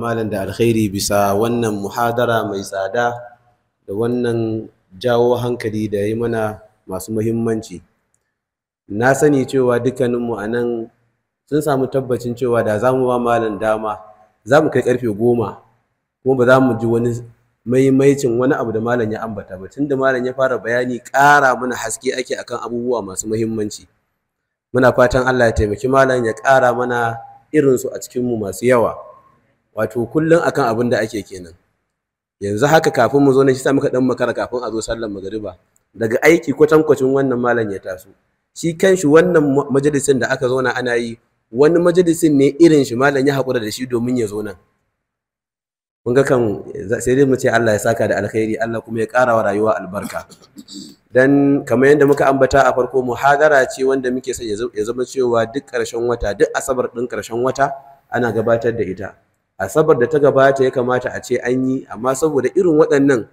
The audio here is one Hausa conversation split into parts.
malam da alkhairi bisa wannan muhadara mai tsada da wannan jawo hankali da ya mana masu muhimmanci na sani cewa dukkaninmu a nan sun samu tabbacin cewa da za mu ba malam dama za mu kai karfe goma kuma ba za mu ji wani maimaicin wani abu da malam ya ambata ba tunda malam ya fara bayani ƙara mana haske ake akan abubuwa masu muhimmanci muna fatan Allah ya taimaki malam ya ƙara mana irinsu a cikinmu masu yawa wato kullum akan abin da ake kenan yanzu haka kafin mu zo na shi sa muka dan makara kafin a zo sallar magriba daga aiki kwatankwacin wannan malam ya taso shi kanshi wannan majalisin da aka zauna ana yi wani majalisin ne irin shi malam ya haƙura da shi domin ya zo nan kun ga kan sai dai mu ce Allah ya saka da alkhairi Allah kuma ya ƙara wa rayuwa albarka dan kamar yadda muka ambata a farko muhadara ce wanda muke son ya zama cewa duk ƙarshen wata duk asabar ɗin ƙarshen wata ana gabatar da ita asabar da ta gabata ya kamata a ce an yi amma saboda irin waɗannan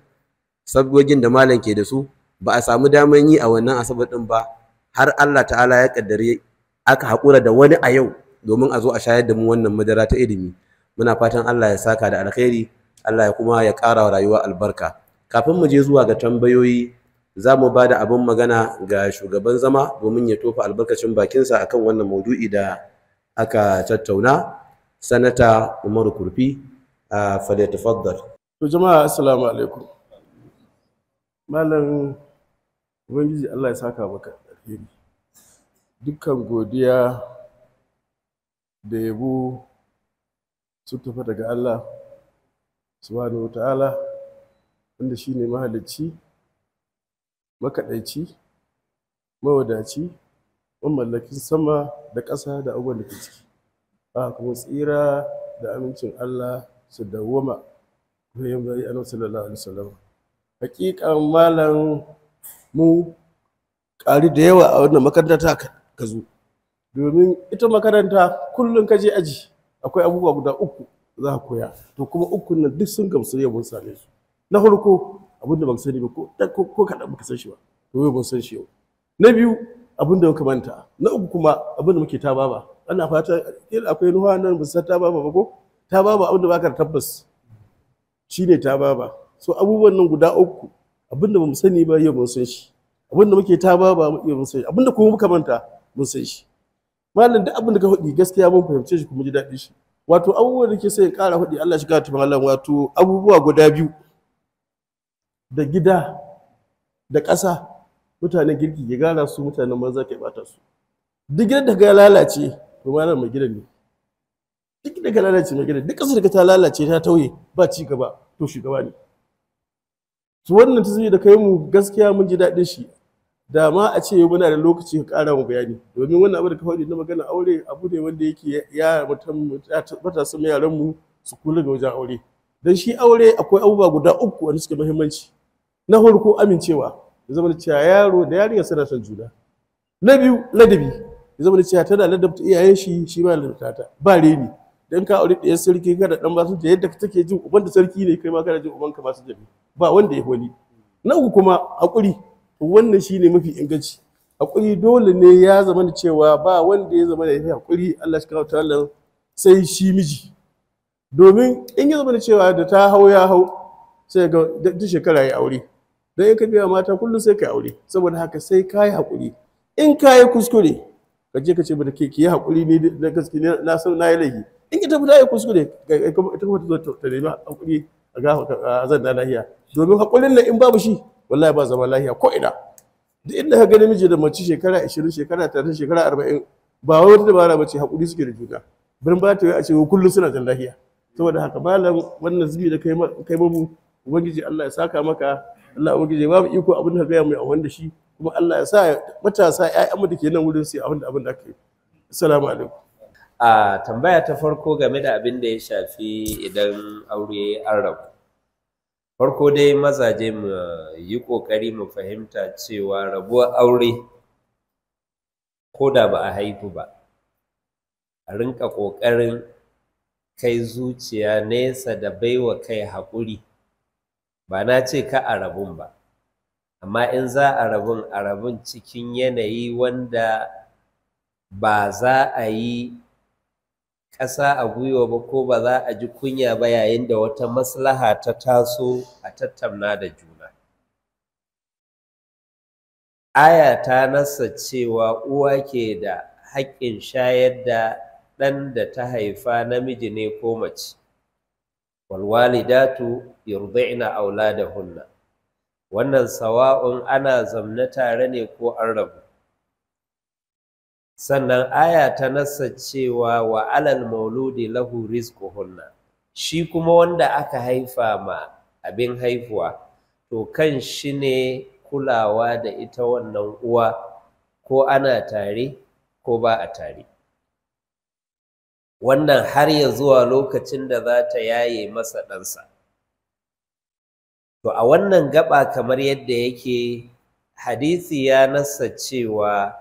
sabgogin da malam ke da su ba a samu damar yi a wannan asabar din ba har Allah ta'ala ya kaddare aka haƙura da wani a yau domin a zo a shayar da mu wannan madara ta ilimi muna fatan Allah ya saka da alkhairi Allah ya kuma ya ƙara wa rayuwa albarka kafin mu je zuwa ga tambayoyi za mu ba da abin magana ga shugaban zama domin ya tofa albarkacin bakinsa akan wannan maudu'i da aka tattauna sanata umaru kurfi a falyatafaddal to jama'a assalamu alaikum malam ubangiji allah ya saka maka alheri dukkan godiya da yabo sun tafi daga allah subhanahu wa ta'ala wanda shine mahalicci makaɗaici mawadaci mamallakin sama da ƙasa da abubuwan da ke ciki a kuma tsira da amincin Allah su dawwama goyon bayi a sallallahu alaihi wasallam hakikan malam mu ƙari da yawa a wannan makaranta ta ka zo domin ita makaranta kullum ka je aji akwai abubuwa guda uku za ka koya to kuma uku nan duk sun gamsu ya mun same su na farko abinda ban sani ba ko ko ba ka san shi ba to yau ban san shi yau na biyu abinda muka manta na uku kuma abinda muke ta baba ana fata ƙil akwai ruwa nan bisa ta ba ba ko ta ba abin da baka tabbas shine ta ba ba. so abubuwan nan guda uku abin da bamu sani ba yau mun san shi abin da muke ta ba yau mun san shi abin da kuma muka manta mun san shi malam duk abin da ka hudi gaskiya mun fahimce shi kuma ji daɗi shi wato abubuwan da ke sai ƙara hudi Allah shi ka tafi malam wato abubuwa guda biyu da gida da ƙasa mutanen girki ya gara su mutanen maza ka bata su duk gidan da ga lalace rumanar mai gidan ne duk daga lalace mai gidan duk ƙasar ta lalace ta tauye ba ci gaba to shugaba ne su wannan tasiri da kai mu gaskiya mun ji daɗin shi da ma a ce muna da lokaci ka ƙara mu bayani domin wannan abu da ka faɗi na magana aure abu ne wanda yake ya mutum matasan yaran mu su kula ga wajen aure dan shi aure akwai abubuwa guda uku wanda suke muhimmanci na farko amincewa da zama cewa yaro da yarinya suna son juna na biyu ladabi ya zama da cewa tana ladabta iyayen shi shi ma ladabta ta ba reni dan ka aure da sarki kada dan ba su da yadda take jin uban da sarki ne kai ma kana jin uban ka ba su jabi ba wanda ya wani na uku kuma hakuri wannan shine mafi inganci hakuri dole ne ya zama da cewa ba wanda ya zama da ya hakuri Allah shi kawo ta'ala sai shi miji domin in ya zama da cewa da ta hau ya hau sai ga duk shekara ya aure dan in ka biya mata kullum sai ka aure saboda haka sai kai hakuri in kai kuskure ka je ka ce mata ki yi haƙuri ne na gaske na san na yi laifi in ki tafi da ya kuskure ita kuma ta zo ta nemi haƙuri a zan na lahiya domin haƙurin nan in babu shi wallahi ba zama lahiya ko ina duk inda ka gani miji da mace shekara 20 shekara 30 shekara 40 ba wai wata dabara ba ce haƙuri suke da juna birnin ba ta yi a ce kullum suna jan lahiya saboda haka malam wannan zubi da kai mamu ubangiji Allah ya saka maka Allah ubangiji babu iko abin da ka gaya mai a wanda shi kuma Allah ya sa matasa ƴaƴanmu da ke nan wurin su abin da abin da aka yi assalamu alaikum a tambaya ta farko game da abin da ya shafi idan aure an rabu farko dai mazaje mu yi ƙoƙari mu fahimta cewa rabuwar aure ko da ba a haihu ba a rinka ƙoƙarin kai zuciya nesa da baiwa kai haƙuri ba na ce ka a rabun ba amma in za a rabun a rabun cikin yanayi wanda ba za a yi ƙasa a gwiwa ba ko ba za a ji kunya ba yayin da wata maslaha ta taso a tattauna da juna aya ta nasa cewa uwa ke da haƙƙin shayar da ɗan da ta haifa namiji ne ko mace walwalidatu yurdi'na auladahunna wannan sawa'un ana zamna tare ne ko an rabu sannan aya ta nasa cewa wa alal mauludi lahu rizquhunna shi kuma wanda aka haifa ma abin haifuwa to kan shi ne kulawa da ita wannan uwa ko ana tare ko ba a tare wannan har ya zuwa lokacin da za ta yaye masa ɗansa to a wannan gaba kamar yadda yake hadisi ya nasa cewa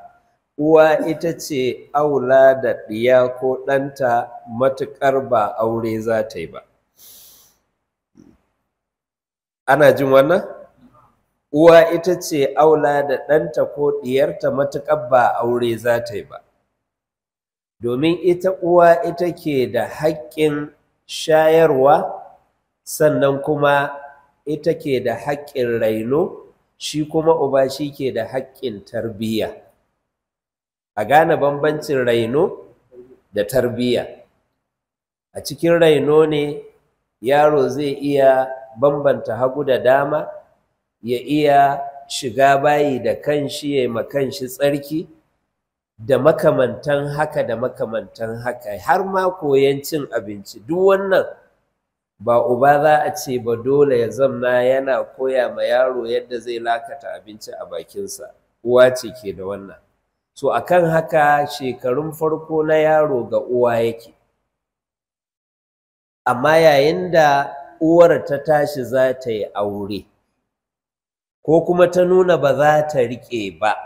uwa ita ce aula da ɗiya ko ɗanta matuƙar ba aure za ta yi ba ana jin wannan uwa ita ce aula da ɗanta ko ɗiyarta matuƙar ba aure za ta yi ba domin ita uwa ita ke da haƙƙin shayarwa sannan kuma ita ke da haƙƙin raino shi kuma uba shi ke da haƙƙin tarbiyya a gane bambancin raino da tarbiyya a cikin raino ne yaro zai iya bambanta hagu da dama ya iya shiga bayi da kanshi ya ma kanshi tsarki da makamantan haka da makamantan haka har ma koyan cin abinci duk wannan ba uba za a ce ba dole ya zamna yana koya ma yaro yadda zai lakata abinci a bakinsa uwa ce ke da wannan so akan haka shekarun farko na yaro ga uwa yake amma yayin da uwar ta tashi za ta yi aure ko kuma ta nuna ba za ta riƙe ba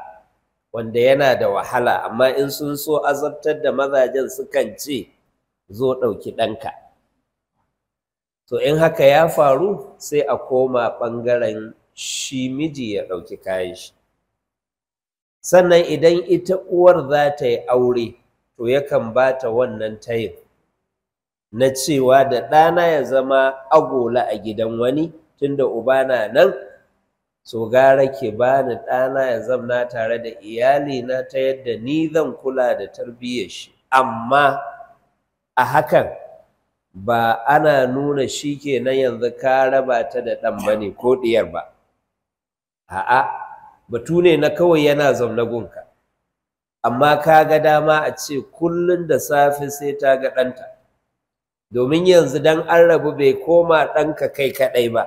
wanda yana da wahala amma in sun so azabtar da mazajen sukan ce zo ɗauki ɗanka to in haka ya faru sai a koma ɓangaren shi miji ya ɗauki kayan shi sannan idan ita uwar za ta yi aure to yakan ba ta wannan tayin na cewa da ɗana ya zama agola a gidan wani tunda uba na nan so gara ke bani ɗana ya zamna tare da iyalina ta yadda ni zan kula da tarbiyyar shi amma a hakan ba ana nuna shi ke nan yanzu ka raba ta da ɗan ba ne ko ɗiyar ba a'a batu ne na kawai yana zaune gunka amma ka ga dama a ce kullum da safe sai ta ga ɗanta domin yanzu dan an rabu bai koma ɗanka kai kaɗai ba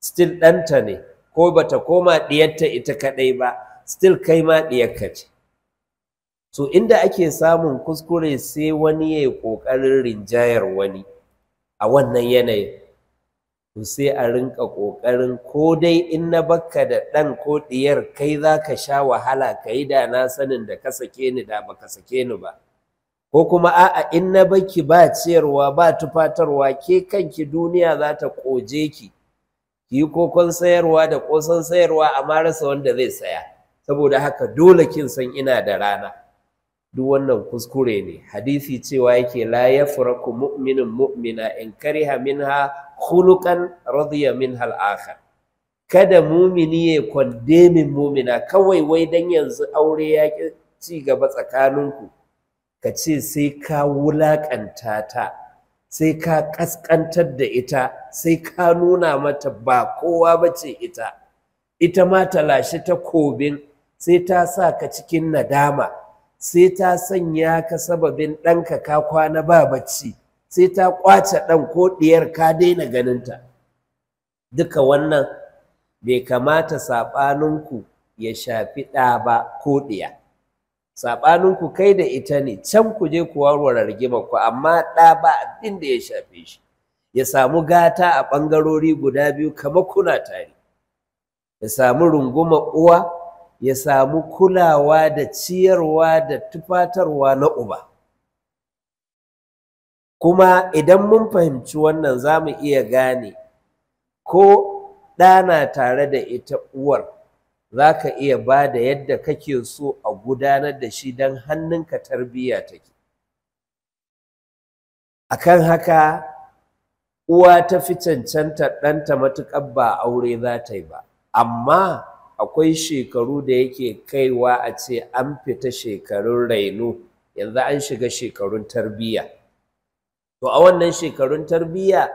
still ɗanta ne ko bata koma ɗiyarta ita kaɗai ba still kai ma ɗiyarka ce so inda ake samun kuskure sai wani ya yi ƙoƙarin rinjayar wani a wannan yanayin to sai a rinka ƙoƙarin ko dai in na baka da ɗan ko ɗiyar kai za ka sha wahala ka yi da na sanin da ka sake ni da ba ka sake ni ba ko kuma a'a in na baki ba ciyarwa ba tufatarwa ke kanki duniya za ta ƙoje ki yi kokon sayarwa da ƙosan sayarwa amma rasa wanda zai saya saboda haka dole kin san ina da rana duk wannan kuskure ne hadisi cewa yake la yafraku mu'minun mu'mina in kariha minha khuluqan radiya minha al-akhar kada mumini ya kwandemin mumina kawai wai dan yanzu aure ya ci gaba tsakaninku ka ce sai ka wulakanta ta sai ka ƙasƙantar da ita sai ka nuna mata ba kowa bace ita ita ma ta lashe ta kobin sai ta sa ka cikin nadama sai ta sanya ka sababin ɗanka ka kwana ba bacci sai ta ƙwace ɗan ko ɗiyar ka daina ganinta duka wannan bai kamata saɓaninku ya shafi ɗa ba ko ɗiya saɓaninku kai da ita ne can ku je ku warware rigima ku amma ɗa ba abin da ya shafe shi ya samu gata a ɓangarori guda biyu kamar kuna tare ya samu runguma uwa ya samu kulawa da ciyarwa da tufatarwa na uba kuma idan mun fahimci wannan za mu iya gane ko ɗana tare da ita uwar za ka iya ba da yadda kake so a gudanar da shi don hannunka tarbiyya take a kan haka uwa ta fi cancanta ɗanta matuƙar ba aure za ta yi ba amma akwai shekaru da yake kaiwa a ce an fita shekarun raino yanzu an shiga shekarun tarbiyya to a wannan shekarun tarbiyya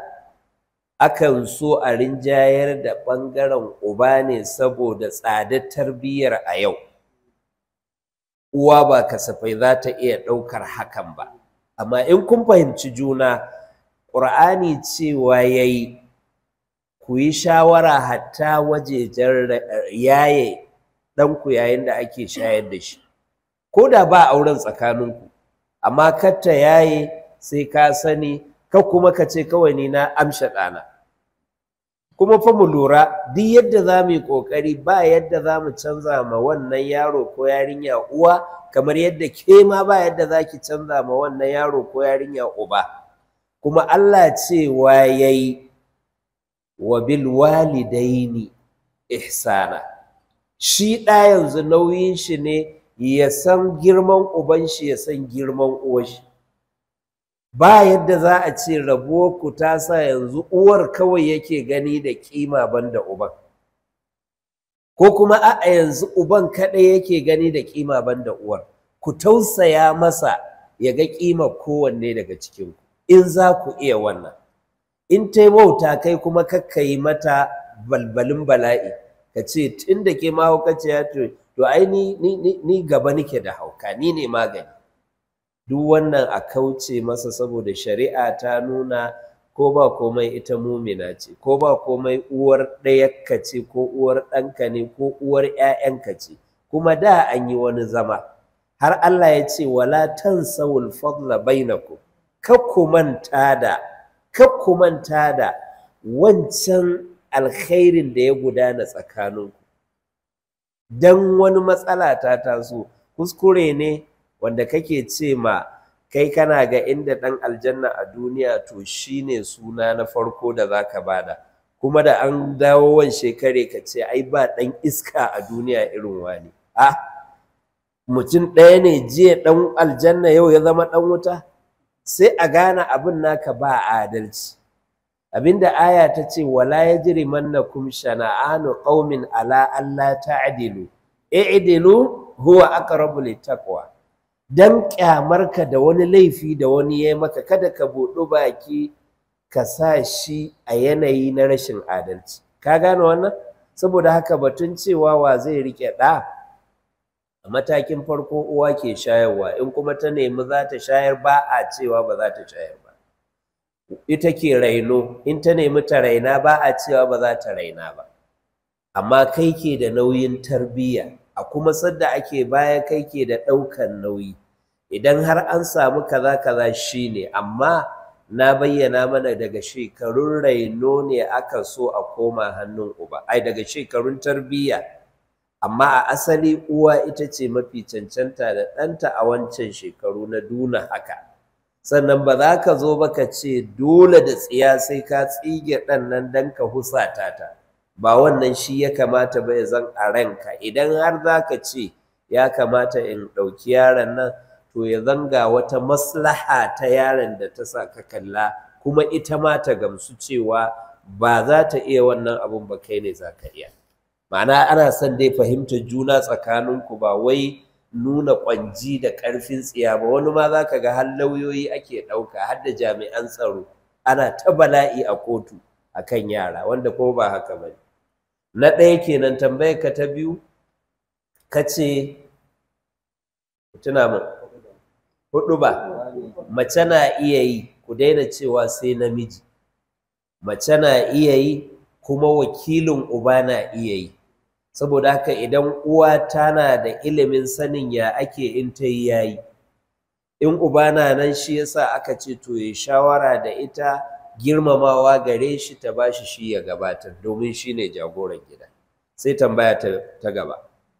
akan so a rinjayar da ɓangaren uba ne saboda tsadar tarbiyyar a yau uwa ba kasafai za ta iya ɗaukar hakan ba amma in kun fahimci juna ƙur'ani cewa ya yi ku yi shawara hatta wajejen yaye ɗanku yayin da ake shayar da shi ko da ba auren tsakaninku amma kar yaye sai ka sani ka kuma ka ce kawai ni na amsha ɗana kuma fa mu lura duk yadda za mu yi ƙoƙari ba yadda za mu canza ma wannan yaro ko yarinya uwa kamar yadda ke ma ba yadda za ki canza ma wannan yaro ko yarinya uba kuma Allah ce ya yi wa bil walidaini ihsana shi ɗa yanzu nauyin shi ne ya san girman uban shi ya san girman uwar shi ba yadda za a ce rabuwar ku ta sa yanzu uwar kawai yake gani da ƙima banda uban ko kuma a yanzu uban kaɗai yake gani da ƙima banda uwar ku tausaya masa ya ga kima kowanne daga cikinku in za ku iya wannan in ta yi wauta kai kuma kakka yi mata balbalin bala'i ka ce tun da ke mahaukaciya to to ai ni gaba nike da hauka ni ne magani duk wannan a kauce masa saboda shari'a ta nuna ko ba komai ita mumina ce ko ba komai uwar ɗayakka ce ko uwar ɗanka ne ko uwar ‘ya'yanka ce kuma da an yi wani zama har Allah ya ce wala tansawul fadla bainakum kar ku manta da Ka ku manta da wancan alkhairin da ya gudana tsakaninku dan wani matsala ta taso kuskure ne wanda kake ce ma kai kana ga inda ɗan aljanna a duniya to shine suna na farko da zaka bada kuma da an dawo wan shekare ka ce ai ba ɗan iska a duniya irin wani a ah, mutum ɗaya ne jiya ɗan aljanna yau ya zama ɗan wuta sai a gane abin naka ba adalci abinda aya ta ce wala ya yajrimannakum shana'anu ƙaumin ala alla ta'dilu i'dilu huwa aqrabu littaqwa dan kyamarka da wani laifi da wani yayi maka kada ka buɗu baki ka sa shi a yanayi na rashin adalci ka gane wannan saboda haka batun cewa wa zai rike ɗa matakin farko uwa ke shayarwa in kuma ta nemi za ta shayar ba a cewa ba za ta shayar ba ita ke raino in ta nemi ta raina ba a cewa ba za ta raina ba amma kai ke da nauyin tarbiyya a kuma sadda ake baya kai ke da ɗaukan nauyi idan har an samu kaza kaza shi ne, amma na bayyana mana daga shekarun raino ne aka so a koma hannun uba ai daga shekarun tarbiyya amma a asali uwa ita ce mafi cancanta da ɗanta a wancan shekaru na duna haka sannan ba za ka zo ba ka ce dole da tsiya sai ka tsige ɗan nan don ka husata ta ba wannan shi ya kamata ba ya zan a ranka idan har za ka ce ya kamata in ɗauki yaron nan to ya zanga wata maslaha ta yaron da ta sa ka kalla kuma ita ma ta gamsu cewa ba za ta iya wannan abun ba kai ne za ka iya ma'ana ana son dai fahimtar juna tsakaninku ba wai nuna ƙwanji da ƙarfin tsiya ba wani ma za ka ga har lauyoyi ake ɗauka har da jami'an tsaro ana ta bala'i a kotu a kan yara wanda ko ba haka ba na ɗaya kenan tambayar ka ta biyu ka ce tuna huɗu ba mace na iya yi ku daina cewa sai namiji mace na iya yi kuma wakilin uba na iya yi saboda haka idan uwa tana da ilimin sanin ya ake in ta yi yayi in uba na nan shi yasa aka ce to ya shawara da ita girmamawa gare shi ta bashi shi ya gabatar domin shi ne jagoran gida sai tambaya ta gaba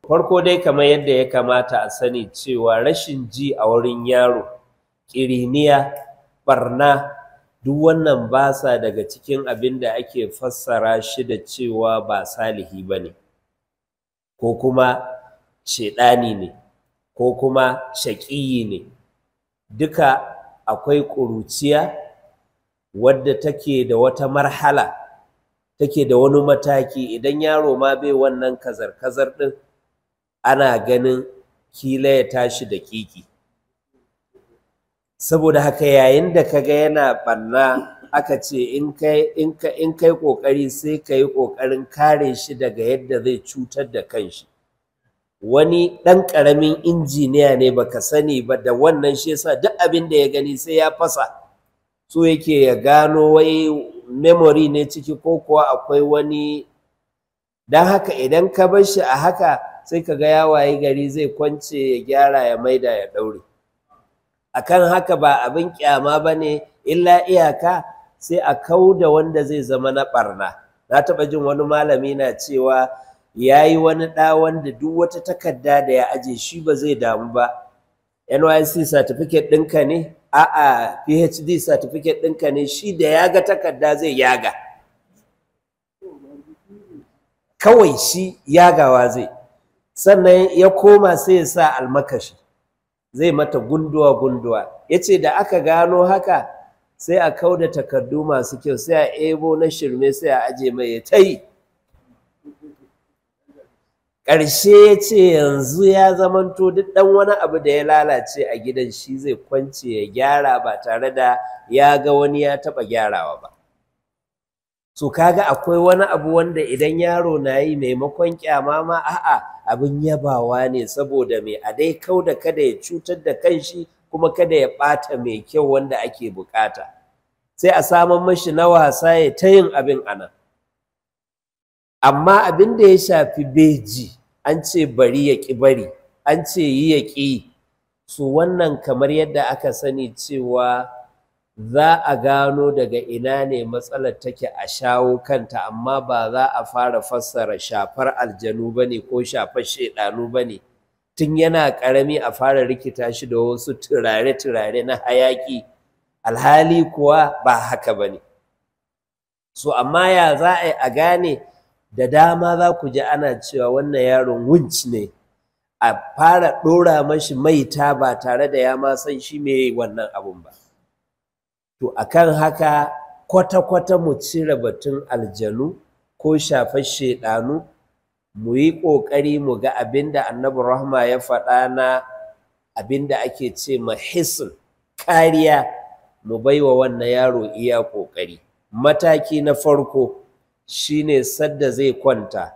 farko dai kamar yadda ya kamata a sani cewa rashin ji a wurin yaro ƙiriniya barna duk wannan ba sa daga cikin abin da ake fassara shi da cewa ba salihi ba ne ko kuma shaidani ne ko kuma shaƙiyi ne duka akwai ƙuruciya wadda take da wata marhala take da wani mataki idan yaro ma bai wannan kazar-kazar ɗin ana ganin kila ya tashi da kiki saboda haka yayin da kaga yana ɓanna aka ce in kai sai ka yi kokarin kare shi daga yadda zai cutar da kanshi wani ɗan ƙaramin injiniya ne baka sani ba da wannan shi yasa duk abin da ya gani sai ya fasa so yake ya gano wai memory ne ciki ko kuwa akwai wani don haka idan ka bar shi a haka sai ka ga ya waye gari zai kwance ya gyara ya maida ya ɗaure akan haka ba abin kyama ba ne illa iyaka sai a kau da wanda zai zama na barna na taba jin wani malami na cewa yayi wani da wanda duk wata takarda da ya aje shi ba zai damu ba NYC certificate ɗinka ne a'a PhD certificate ɗinka ne shi da yaga takarda zai yaga kawai shi yagawa zai sannan ya koma sai ya sa almakashi zai mata gunduwa gunduwa yace da aka gano haka sai a kau da takardu masu kyau sai a ebo na shirme sai a aje mai ya ta yi ƙarshe ya ce yanzu ya zamanto duk ɗan wani abu da ya lalace a gidan shi zai kwance ya gyara ba tare da ya ga wani ya taɓa gyarawa ba so kaga akwai wani abu wanda idan yaro na yi maimakon kyama ma a'a abin yabawa ne saboda mai a dai kau da kada ya cutar da kanshi kuma kada ya ɓata mai kyau wanda ake buƙata, sai a saman mashi na wasa ya ta yin abin ana amma abin da ya shafi beji an ce bari ya ƙi bari an ce yi ya ƙi su wannan kamar yadda aka sani cewa za a gano daga ina ne matsalar take a shawo kanta amma ba za a fara fassara shafar aljanu ba ne ko shafar shaidanu ba ne tun yana ƙarami a fara rikita shi da wasu turare-turare na hayaƙi alhali kuwa ba haka ba ne so amma ya za a yi a gane da dama za ku ji ana cewa wannan yaron wunci ne a fara ɗora mashi maita ba tare da ya ma san shi me wannan abun ba to akan haka kwata-kwata mu cire batun aljanu ko shafa shaidanu mu yi ƙoƙari mu ga abin da Annabi rahma ya faɗa na abin da ake ce ma hisin kariya mu bai wa wannan yaro iya ƙoƙari mataki na farko shine sadda zai kwanta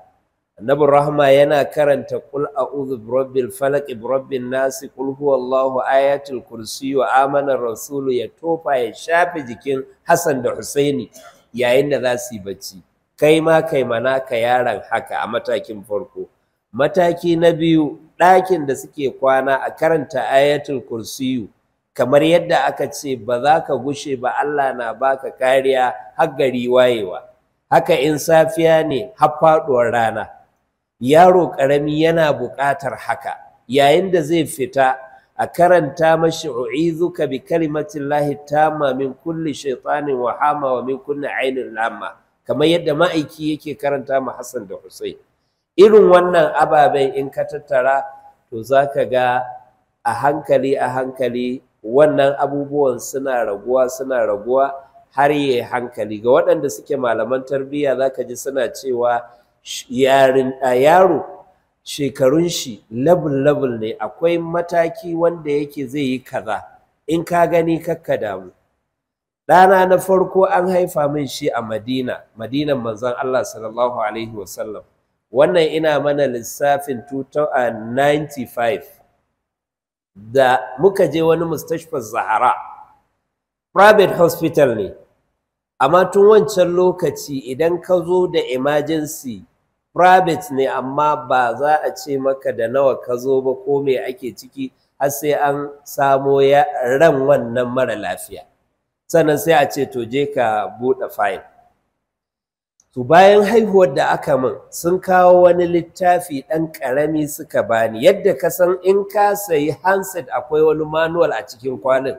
Annabi rahma yana karanta kul a'udhu birabbil falaq birabbin nas kul huwallahu ayatul kursi wa amana rasulu ya tofa ya shafe jikin Hassan da Husaini yayin da za su yi bacci kai ma kai ma naka yaran haka a matakin farko mataki na biyu ɗakin da suke kwana a karanta ayatul kursiyu kamar yadda aka ce ba za ka gushe ba Allah na baka kariya har gari wayewa haka in safiya ne har faɗuwar rana yaro ƙarami yana buƙatar haka yayin da zai fita a karanta mashi u'izuka bi kalimatillahi tamma min kulli shaytanin wa hama wa min kulli ainin lamma kamar yadda ma'aiki yake karanta ma Hassan da Hussein irin wannan ababen in ka tattara to zaka ga a hankali a hankali wannan abubuwan suna raguwa suna raguwa har yi hankali ga waɗanda suke malaman tarbiyya zaka ji suna cewa yarin a yaro shekarun shi level level ne akwai mataki wanda yake zai yi kaza in ka gani kakka damu ɗana na farko an haifa min shi a madina madinan manzon allah sallallahu alaihi wasallam wannan ina mana lissafin 2095 da muka je wani mustashfar zahara private hospital ne amma tun wancan lokaci idan ka zo da emergency private ne amma ba za a ce maka da nawa ka zo ba ko me ake ciki har sai an samo ran wannan mara lafiya sannan sai a ce to je ka buɗe fayil to bayan haihuwar da aka min sun kawo wani littafi ɗan ƙarami suka bani yadda ka san in ka sayi handset akwai wani manual a cikin kwanan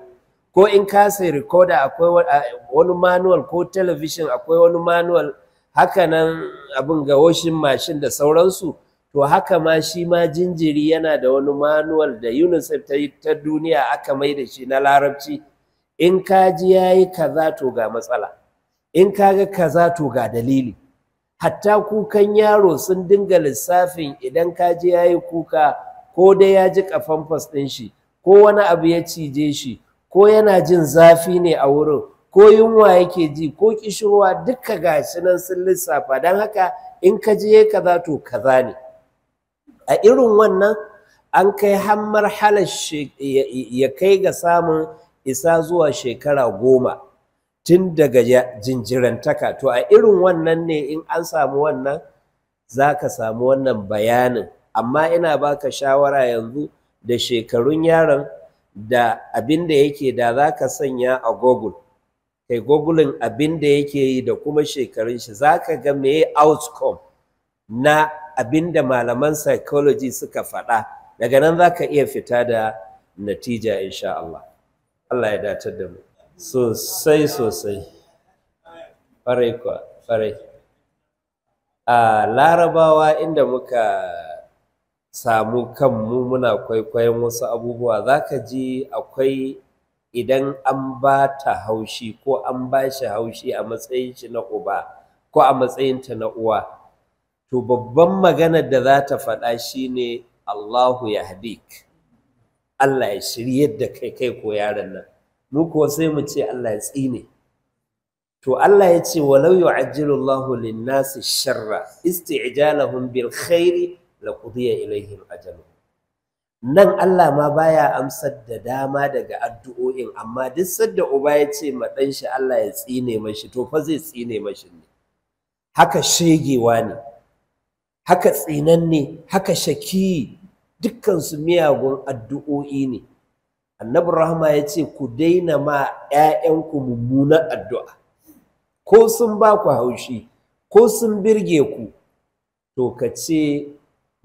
ko in ka sayi recorder akwai wani manual ko television akwai wani manual haka nan abin ga washing machine da sauransu to haka ma shi ma jinjiri yana da wani manual da UNICEF ta, duniya aka mai da shi na larabci in ka ji yayi kaza to ga matsala in ka ga kaza to ga dalili hatta kukan yaro sun dinga lissafin idan ka ji ya yi kuka ko dai ya ji kafan fas ɗin shi ko wani abu ya cije shi ko yana jin zafi ne a wurin ko yunwa yake ji ko kishirwa duka shi nan sun lissafa don haka in ka ji je kaza to kaza ne a irin wannan an kai har marhalar ya kai ga samun isa zuwa shekara goma tun daga jinjirantaka to a irin wannan ne in an samu wannan za ka samu wannan bayanin amma ina baka shawara yanzu da shekarun yaron da abin da yake da za ka sanya a google kai gogulin abin da yake yi da kuma shekarun shi za ka ga meye outcome na abin da malaman psychology suka faɗa daga nan za ka iya fita da natija insha Allah Allah ya datar da mu sosai sosai farai kuwa farai a larabawa inda muka samu kanmu muna kwaikwayon wasu abubuwa za ka ji akwai idan an ba ta haushi ko an ba shi haushi a matsayin shi na uba ko a matsayin ta na uwa to babban maganar da za ta faɗa shine Allahu yahdik Allah ya shiryar da kai kai ko yaron nan mu kuwa sai mu ce Allah ya tsine to Allah ya ce walau yu'ajjilu Allahu lin-nasi sharra isti'jalahum bil khairi qudiya ilaihim ajalu nan Allah ma baya amsar da dama daga addu'o'in amma duk sadda uba ya ce ma dan shi Allah ya tsine mashi to fa zai tsine mashi ne haka shegewa ne haka ne. haka shaki dukkansu miyagun addu'o'i ne annabi rahma ya ce ku daina ma 'ya'yanku mummunan addu'a ko sun ba ku haushi ko sun birge ku to ka ce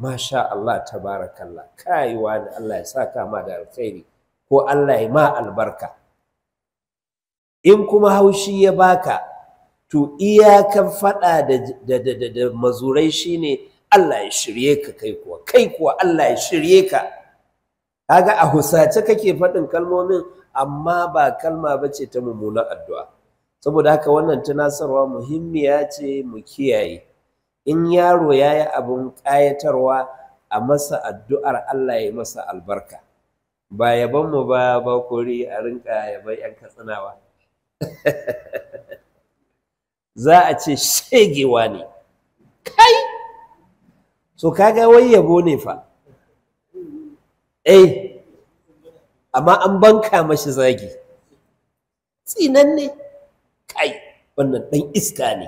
masha Allah barakalla kayuwa ne Allah ya sa kama da alkhairi ko Allah ya ma albarka in kuma haushi ya baka to iyakan faɗa da mazurai shine Allah ya shirye ka kai kuwa kai kuwa Allah ya shirye ka kaga a husace kake faɗin kalmomin amma ba kalma bace ta mummunan addu'a saboda haka wannan tunasarwa muhimmiya ce mu kiyaye in yaro ya yi abin ƙayatarwa a masa addu'ar Allah ya masa albarka ba yaban mu ba ba kori a rinka yaban yan katsinawa za a ce shegewa ne kai so kaga wai yabo ne fa eh amma an banka mashi zagi tsinan ne kai wannan dan iska ne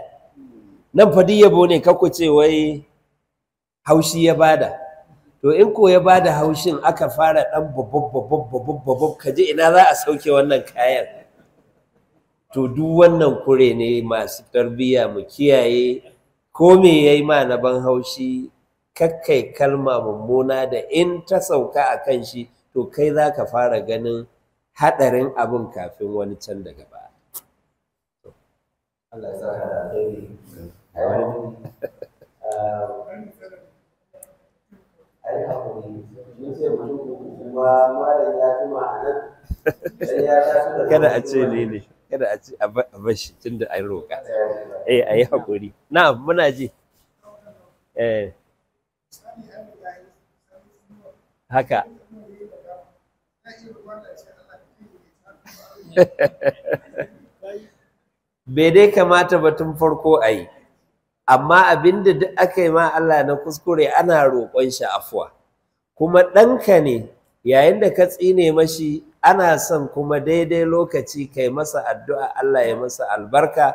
nan fa yabo ne ku ce wai haushi ya bada to in ko ya bada haushin aka fara dan babab ka babab ina za a sauke wannan kayan to duk wannan kure ne masu tarbiya mu kiyaye ko me yayi ma na ban haushi kakkai kalma mummuna da in ta sauka a kan shi to kai za ka fara ganin haɗarin abin kafin wani can daga ah, ba. Kada a ce ne ne, kada a ce a bashi tun da an roƙa. Eh, a yi haƙuri. Na, muna ji. Eh. haka bai dai kamata ba tun farko a yi amma abinda duk aka yi ma Allah na kuskure ana roƙon shi afuwa kuma ɗanka ne yayin da ka tsine mashi ana son kuma daidai lokaci kai masa addu'a Allah ya masa albarka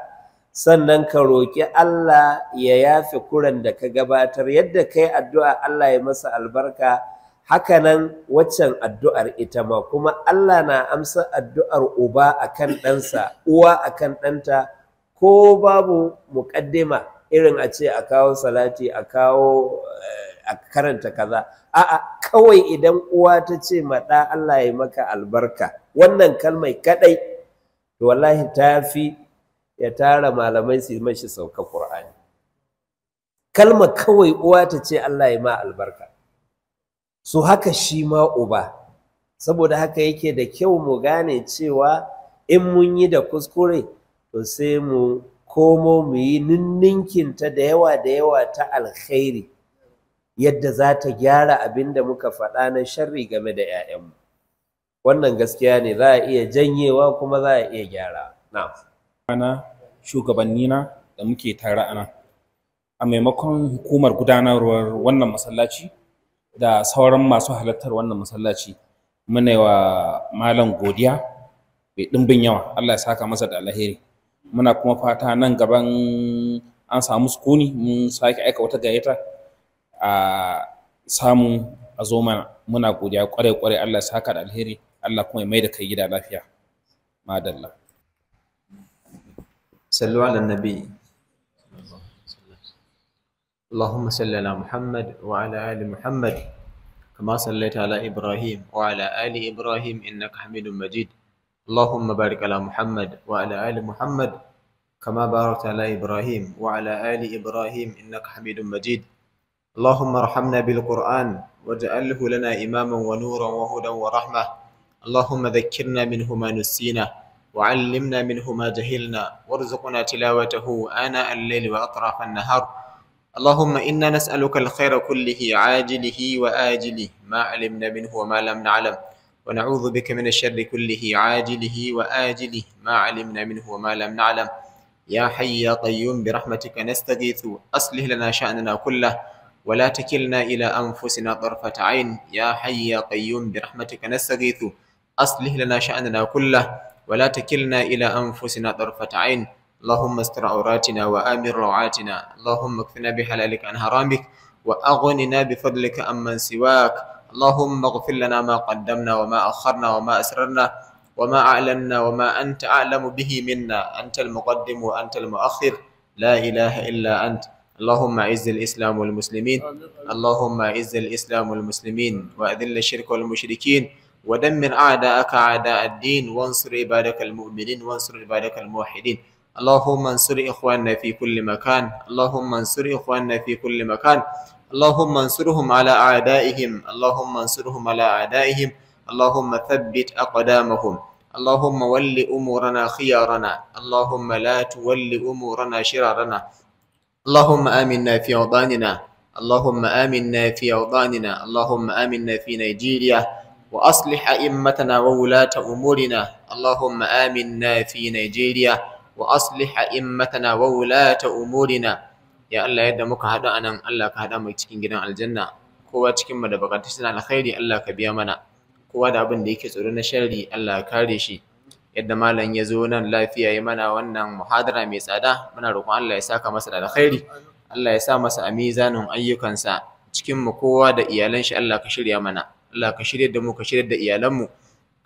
sannan ka roƙi Allah ya yafe kuran da ka gabatar yadda kai addu'a Allah ya masa albarka Haka nan waccan addu'ar ita ma kuma Allah na amsa addu'ar uba akan ɗansa uwa akan ɗanta ko babu muƙaddima irin a ce a kawo salati a kawo eh, a karanta kaza a'a kawai idan uwa ta ce ma Allah ya maka albarka wannan kalmai kaɗai to wallahi ta fi ya tara malamai su yi shi sauka Qur'ani kalma kawai uwa ta ce Allah ya ma albarka su haka shi ma uba saboda haka yake da kyau mu gane cewa in mun yi da kuskure to sai mu komo mu yi ta da yawa da yawa ta alkhairi yadda za ta gyara abin da muka faɗa na sharri game da 'ya'yanmu wannan gaskiya ne za a iya janyewa kuma za a iya gyara na'am na shugabannina da muke tare a nan a maimakon hukumar gudanarwar wannan masallaci da sauran masu halartar wannan masallaci muna wa malam godiya mai ɗimbin yawa Allah ya saka masa da alheri muna kuma fata nan gaban an samu sukuni mun sake aika wata gayyata a samu a zo mana muna godiya kwarai kwarai Allah ya saka da alheri Allah kuma ya mai da kai gida lafiya madalla صلوا على النبي اللهم صل على محمد وعلى آل محمد كما صليت على إبراهيم وعلى آل إبراهيم إنك حميد مجيد اللهم بارك على محمد وعلى آل محمد كما باركت على إبراهيم وعلى آل إبراهيم إنك حميد مجيد اللهم ارحمنا بالقرآن واجعله لنا إماما ونورا وهدى ورحمة اللهم ذكرنا منه ما نسينا وعلمنا منه ما جهلنا وارزقنا تلاوته آناء الليل وأطراف النهار اللهم إنا نسألك الخير كله عاجله وآجله ما علمنا منه وما لم نعلم ونعوذ بك من الشر كله عاجله وآجله ما علمنا منه وما لم نعلم يا حي يا قيوم برحمتك نستغيث أصلح لنا شأننا كله ولا تكلنا إلى أنفسنا طرفة عين يا حي يا قيوم برحمتك نستغيث أصلح لنا شأننا كله ولا تكلنا إلى أنفسنا طرفة عين اللهم استر عوراتنا وآمن روعاتنا اللهم اكفنا بحلالك عن حرامك وأغننا بفضلك عمن سواك اللهم اغفر لنا ما قدمنا وما أخرنا وما أسررنا وما أعلنا وما أنت أعلم به منا أنت المقدم وأنت المؤخر لا إله إلا أنت اللهم اعز الاسلام والمسلمين اللهم اعز الاسلام والمسلمين واذل الشرك والمشركين ودمر أعداءك أعداء الدين وانصر عبادك المؤمنين وانصر عبادك الموحدين اللهم انصر إخواننا في كل مكان اللهم انصر إخواننا في كل مكان اللهم انصرهم على أعدائهم اللهم انصرهم على أعدائهم اللهم ثبت أقدامهم اللهم ول أمورنا خيارنا اللهم لا تول أمورنا شرارنا اللهم آمنا في أوطاننا اللهم آمنا في أوطاننا اللهم آمنا في نيجيريا wa وأصلح أئمتنا وولاة أمورنا اللهم آمنا في نيجيريا وأصلح أئمتنا وولاة أمورنا يا الله yadda muka hada anan Allah ka hada mu cikin gidan aljanna kowa cikinmu mu da bukatun na alkhairi Allah ka biya mana kowa da abin da yake tsoro na sharri Allah ka kare shi yadda malam ya zo nan lafiya ya mana wannan muhadara mai tsada muna roƙon Allah ya saka masa da alkhairi Allah ya sa masa amizanin ayyukansa cikinmu kowa da iyalan shi Allah ka shirya mana Allah ka shirya da mu ka shirya da iyalanmu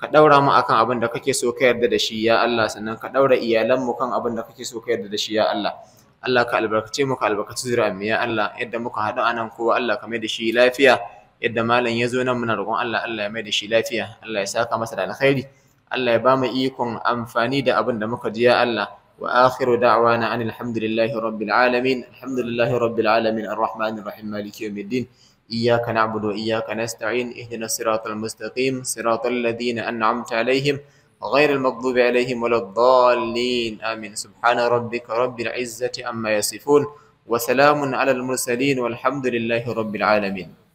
ka ɗaura mu akan abin da kake so ka yarda da shi ya Allah sannan ka ɗaura iyalanmu kan abin da kake so ka yarda da shi ya Allah Allah ka albarkace mu ka albarkaci zuri'an mu ya Allah yadda muka haɗu a nan kowa Allah ka mai da shi lafiya yadda malam ya zo nan muna roƙon Allah Allah ya mai da shi lafiya Allah ya saka masa da alkhairi Allah ya ba mu ikon amfani da abin da muka ji ya Allah wa akhiru da'wana anil hamdulillahi rabbil alamin alhamdulillahi rabbil alamin arrahmanir rahim maliki yawmiddin إياك نعبد وإياك نستعين اهدنا الصراط المستقيم صراط الذين أنعمت عليهم غير المغضوب عليهم ولا الضالين آمين سبحان ربك رب العزة أما يصفون وسلام على المرسلين والحمد لله رب العالمين